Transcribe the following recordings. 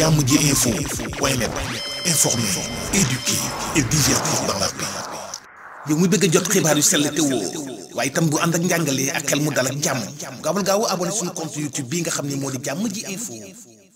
jàmm ji info point net informer, éduquer et divertir dans la paix. yow mi bëgg a jot xibaar yu sell te woo waaye itam bu ànd ak njàngalee ak xel mu dal ak jàmm gaawal gaaw abonné suñu compte YouTube bi nga xam ne moo di jàmm ji info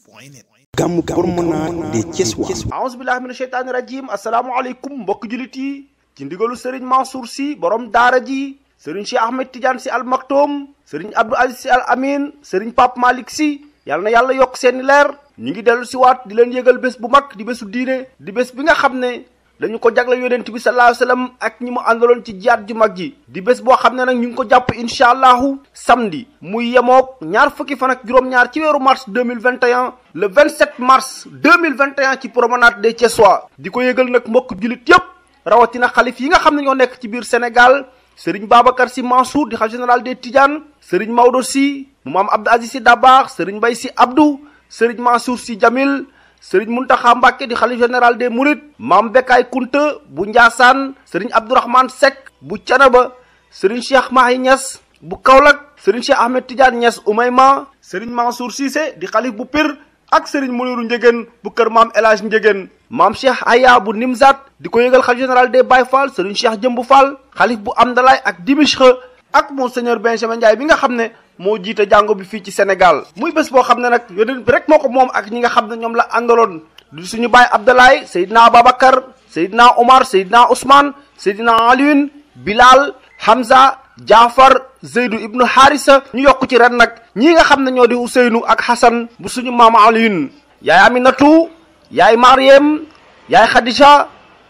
point net. gàmm gàmm de Thiès wa. aouzu billahi mina mbokk jullit yi ci ndigalu Serigne Mansour si borom daara ji. sëriñ Cheikh Ahmed Tidiane si al Maktoum sëriñ Abdou Aziz si al Amin sëriñ Pape Malick si yàlla na yàlla yokk seeni leer ñu ngi dellu siwaat waat di leen yëgal bés bu mag di bésu diine di bés bi nga xam ne dañu ko jagle yonent bi sallallahu alayhi wasallam ak ñi mu àndaloon ci jaat ju mag ji di bés boo xam ne nag ñu ngi ko jàpp incha allahu samedi muy yemoog ñaar fukki fan ak juróom-ñaar ci weeru mars 2021 le 27 mars 2021 ci promenade des Thiessois di ko yëgal nag mbokk jullit yépp rawatina xalif yi nga xam ne ñoo nekk ci biir Sénégal sëriñ Babacar Sy Mansour di xalif général de Tidianes sëriñ Maodo Sy mu maam Abdou Aziz Sy Dabakh sëriñ Mbaye Sy Abdou sëriñ Mansour Sy Jamil sëriñ Muntaxa Mbàkke di xalif général des Mourides mam Bekkaay Kunta bu Njaasaan sëriñ Abdourahmane Seck bu Canaba sëriñ Cheikh Mahi Niass bu Kaolack sëriñ Cheikh Ahmed Tidiane Niass Oumayma sëriñ Mansour Cissé di xalif bu Pire ak sëriñ Muniru Njëgeen bu kër mam El Hadj mam maam Cheikh Aya bu Nimzat di ko yëgal xalif général des Baye Fall sëriñ Cheikh Jëmbu Fall xalif bu Amdalaay ak Dimishqa ak monseigneur Benjamin Ndiaye bi nga xam ne moo jiite jàngo bi fii ci Sénégal muy bés boo xam ne nag yonent bi rek moo ko moom ak ñi nga xam ne ñoom la àndaloon du suñu baay Abdalaay Seydina Ababacar Seydina Omar Seydina Ousmane Seydina Alioune Bilal Hamza Jaafar Zeydu ibnu Harisa ñu yokk ci ren nag ñi nga xam ne ñoo di Ousseynou ak Hassan bu suñu maam Alioune yaay Aminatu yaay Mariem yaay Khadija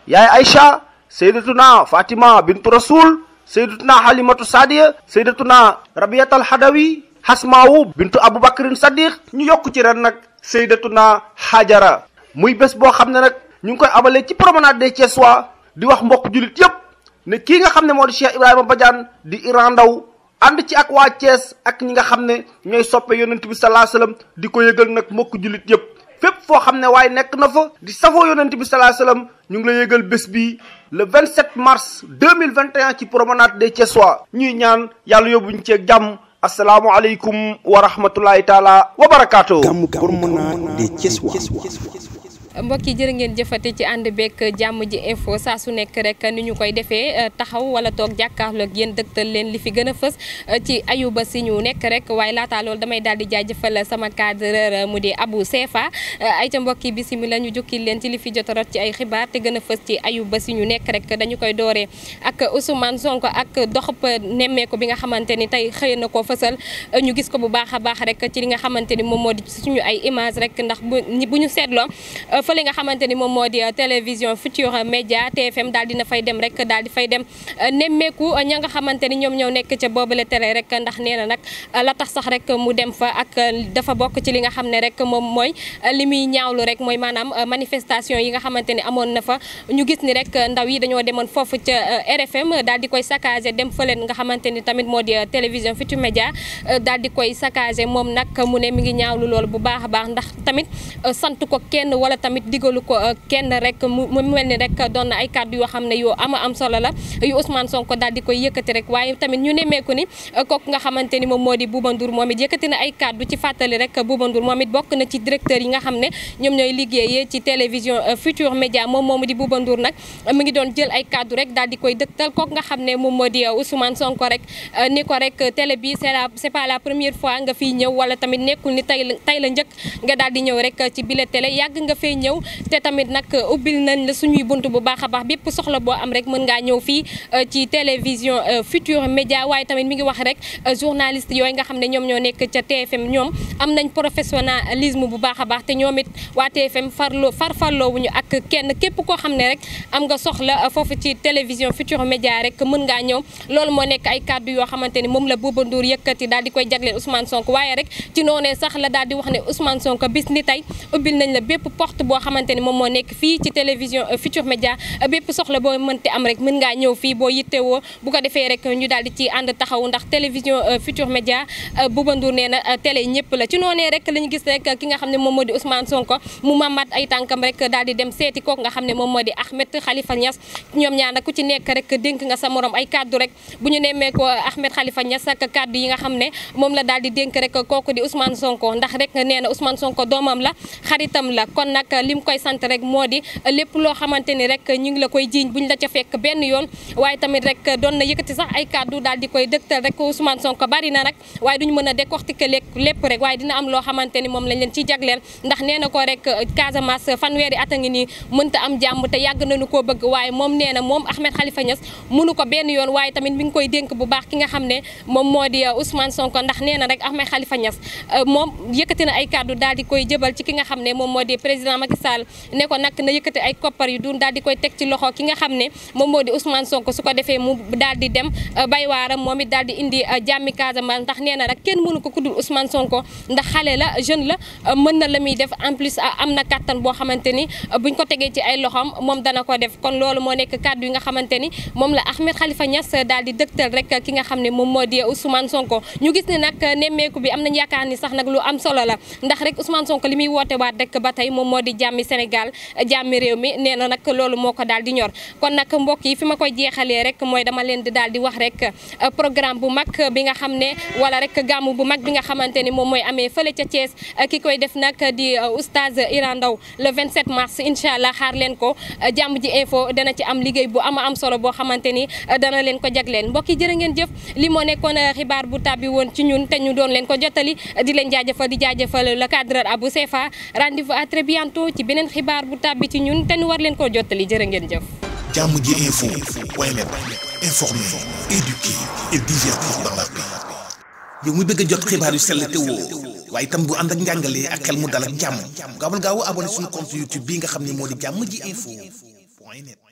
yaay Aïcha Seydatuna Fatima bintu Rasoul sayyidatuna halimatu sadiya sayyidatuna rabiyatal hadawi hasmaawu bintu aboubacrin sadiq ñu yokk ci ren nag sayyidatuna hajara muy bés boo xam ne nag ñu ngi koy amalee ci promenade des Thiessois di wax mbokk jullit yépp ne kii nga xam ne moo di Cheikh Ibrahima Badiane di Iran Ndao ànd ci ak waa cees ak ñi nga xam ne ñooy soppe yonent bi sallallahu alayhi di ko yëgal nag mbokk jullit yépp foo xam ne waaye nekk na fa di safoo yonent bi salaa salaam ñu ngi la yëgal bés bi le 27 mars 2021 ci promenade des Thiessois ñuy ñaan yàlla yóbbuñ ceeg jàmm asalaamualeykum wa rahmatulahi taala wa barakaatu. gàmmu promenade des Thiessois mbokk yi jërë ngeen jëfate ci ànd beeg jàmm ji info saa su nekk rek ni ñu koy defee euh, taxaw wala toog jàkkaarloog yéen dëgtal leen li fi gën a fës euh, ci ayuba si ñu nekk rek waaye laata loolu damay daal di jaajëfal sama cadreur euh, mu di Abou Sefa ay ca mbokk yi ñu jukki leen ci li fi jot rot ci ay xibaar te gën a fës ci ayuba si ñu nekk rek dañu koy dooree ak Ousmane sonk ak doxub nemmeeku bi nga xamante ni tey xëy na ko fësal ñu gis ko bu baax a baax rek ci li nga xamante ni moom moo di suñu ay image rek ndax bu ñu seetloo fële nga xamante ni moom moo di euh, télévision Futurs Médias TFM daal dina fay dem rek daal di fay dem euh, nemmeeku euh, ña nga xamante ni ñoom ñoo nekk ca boobale télé rek ndax nee na nag la tax sax rek mu dem fa ak dafa bokk ci li nga xam ne rek moom mooy li muy ñaawlu rek mooy maanaam manifestation yi nga xamante ni amoon na fa ñu gis ni rek ndaw yi dañoo demoon foofu ca RFM daal di koy saccagé dem fële nga xamante ni tamit moo di télévision Futurs média daal di koy saccagé moom nag mu ne mi ngi ñaawlu loolu bu a baax ndax tamit digalu ko euh, kenn rek mu mel ni rek doon na ay kàddu yoo xam ne yoo ama am solo la yu Ousmane Sonko daal di koy yëkkati rek waaye tamit ñu nemmeeku ni euh, ni moom moo di Bouba Ndour moom it yëkkati na ay kàddu ci fàttali rek Bouba Ndour moom it bokk nga xam ne ñoom ñooy liggéeyee ci télévision euh, Futur Média moom moomu di Bouba Ndour nag mu ngi doon jël rek daal di koy dëgtal kooku nga xam ne moom moo di Ousmane Sonko rek ni ko rek télé bi c'est la c'est pas la première fois nga fiy ñëw wala tamit nekkul ni tay tay la njëkk nga daal di ñëw rek ci bile télé yàgg nga fay ñëw te tamit nag ubbil nañ la suñuy bunt bu baax a baax bépp soxla boo am rek mën ngaa ñëw fii euh, ci télévision euh, Futurs média waaye tamit mi ngi wax rek euh, journaliste yooyu nga xam ne ñoom ñoo nekk ca TFM ñoom am nañ professionnalisme bu baax a baax te ñoom it waa far farloo farfarloowuñu ak kenn képp koo xam ne rek am nga soxla foofu ci télévision Futurs média rek mën ngaa ñëw loolu moo nekk ay kàddu yoo xamante ni moom la Bouba Ndour yëkkati daal di koy jagleel Ousmane Sonko waaye rek ci noonee sax la daal di wax ne Ousmane Sonko bis ni boo xamante ni moom moo nekk fii ci télévision euh, Futur Média euh, bépp soxla boo mënti am rek mën ngaa ñëw fii boo yittewoo bu ko defee rek ñu daal di ci ànd taxaw ndax télévision euh, Futur Média Bouba Ndour nee na télé ñëpp la ci noonee rek la ñu gis rek ki nga xam ne moom moo di Ousmane Sonko mu mamat ay tànkam rek daal di dem seeti kooku nga xam ne moom moo di Ahmed Khalifa Niass ñoom ñaar nag ku ci nekk rek dénk nga sa moroom ay kaddu rek bu ñu nemmee ko Ahmed Khalifa Niass ak kaddu yi nga xam ne moom la daal di dénk rek kooku di Ousmane Sonko ndax rek nee na Ousmane Sonko doomam la lim koy sant rek moo di lépp loo xamante ni rek ñu ngi la koy jiiñ buñ la ca fekk benn yoon waaye tamit rek doon na yëkkati sax ay kàddu daal di koy dëgtal rek Ousmane Sonko bari na nag waaye duñ mën a décortiquer lépp rek waaye dina am loo xamante ni moom lañ leen ci jagleel ndax nee na ko rek Casamance fanweeri at a ngi nii mënta am jàmm te yàgg koo bëgg waaye moom nee na moom Ahmed Khalifa Niass mënu ko benn yoon waaye tamit mi ngi koy dénk bu baax ki nga xam ne moom moo di uh, Ousmane Sonko ndax nee na rek Ahmed Khalifa Niass uh, moom yëkkati na ay kàddu daal di koy jëbal ci ki nga xam ne moom moo di président Macky Sall ne ko nag na yëkkati ay koppar yu dun daal di koy teg ci loxo ki nga xam ne moom moo di Ousmane Sonko su ko defee mu daal di dem euh, bay waaram moom it daal di indi euh, jàmmi Casamance ndax nee na rek kenn mënu ko kuddul Ousmane Sonko ndax xale la jeune la euh, mën na la muy def en plus am na kattan boo xamante ni buñ ko tegee ci ay loxoom moom dana ko def kon loolu moo nekk kàddu yi nga xamante ni moom la Ahmed Khalifa Niass daal di dëgtal rek ki nga xam ne moom moo di Ousmane Sonko ñu gis ne nag nemmeeku bi am nañ yaakaar ni sax nag lu am solo la ndax rek Ousmane Sonko li muy woote waat rek ba tey moom moo di muy jàmmi Sénégal jàmmi réew mi nee na nag loolu moo ko daal di ñor kon nag mbokk yi fi ma koy jeexalee rek mooy dama leen di daal di wax rek euh, programme bu mag bi nga xam ne wala rek gàmmu bu mag bi nga xamante ni moom mooy amee fële ca Thiès euh, ki koy def nag di euh, oustaz Iran Ndaw le 27 mars incha allah xaar leen ko jàmm ji info dana ci am liggéey bu ama am solo boo xamante ni dana leen ko leen mbokk yi jërë ngeen jëf li moo nekkoon xibaar bu tàbbi woon ci ñun te ñu doon leen ko jottali di leen jaajëfal di jaajëfal le cadre Abou noonu ci beneen xibaar bu tàbbi ci ñun te ñu war leen jottali jërë ngeen jëf. jàmm ji info point net informer, éduquer mi bëgg a jot xibaar yu sell te woo waaye itam bu ànd ak njàngalee ak xel mu dal ak jàmm gaawal gaaw abonné suñu compte YouTube bii nga xam ne moo di jàmm ji info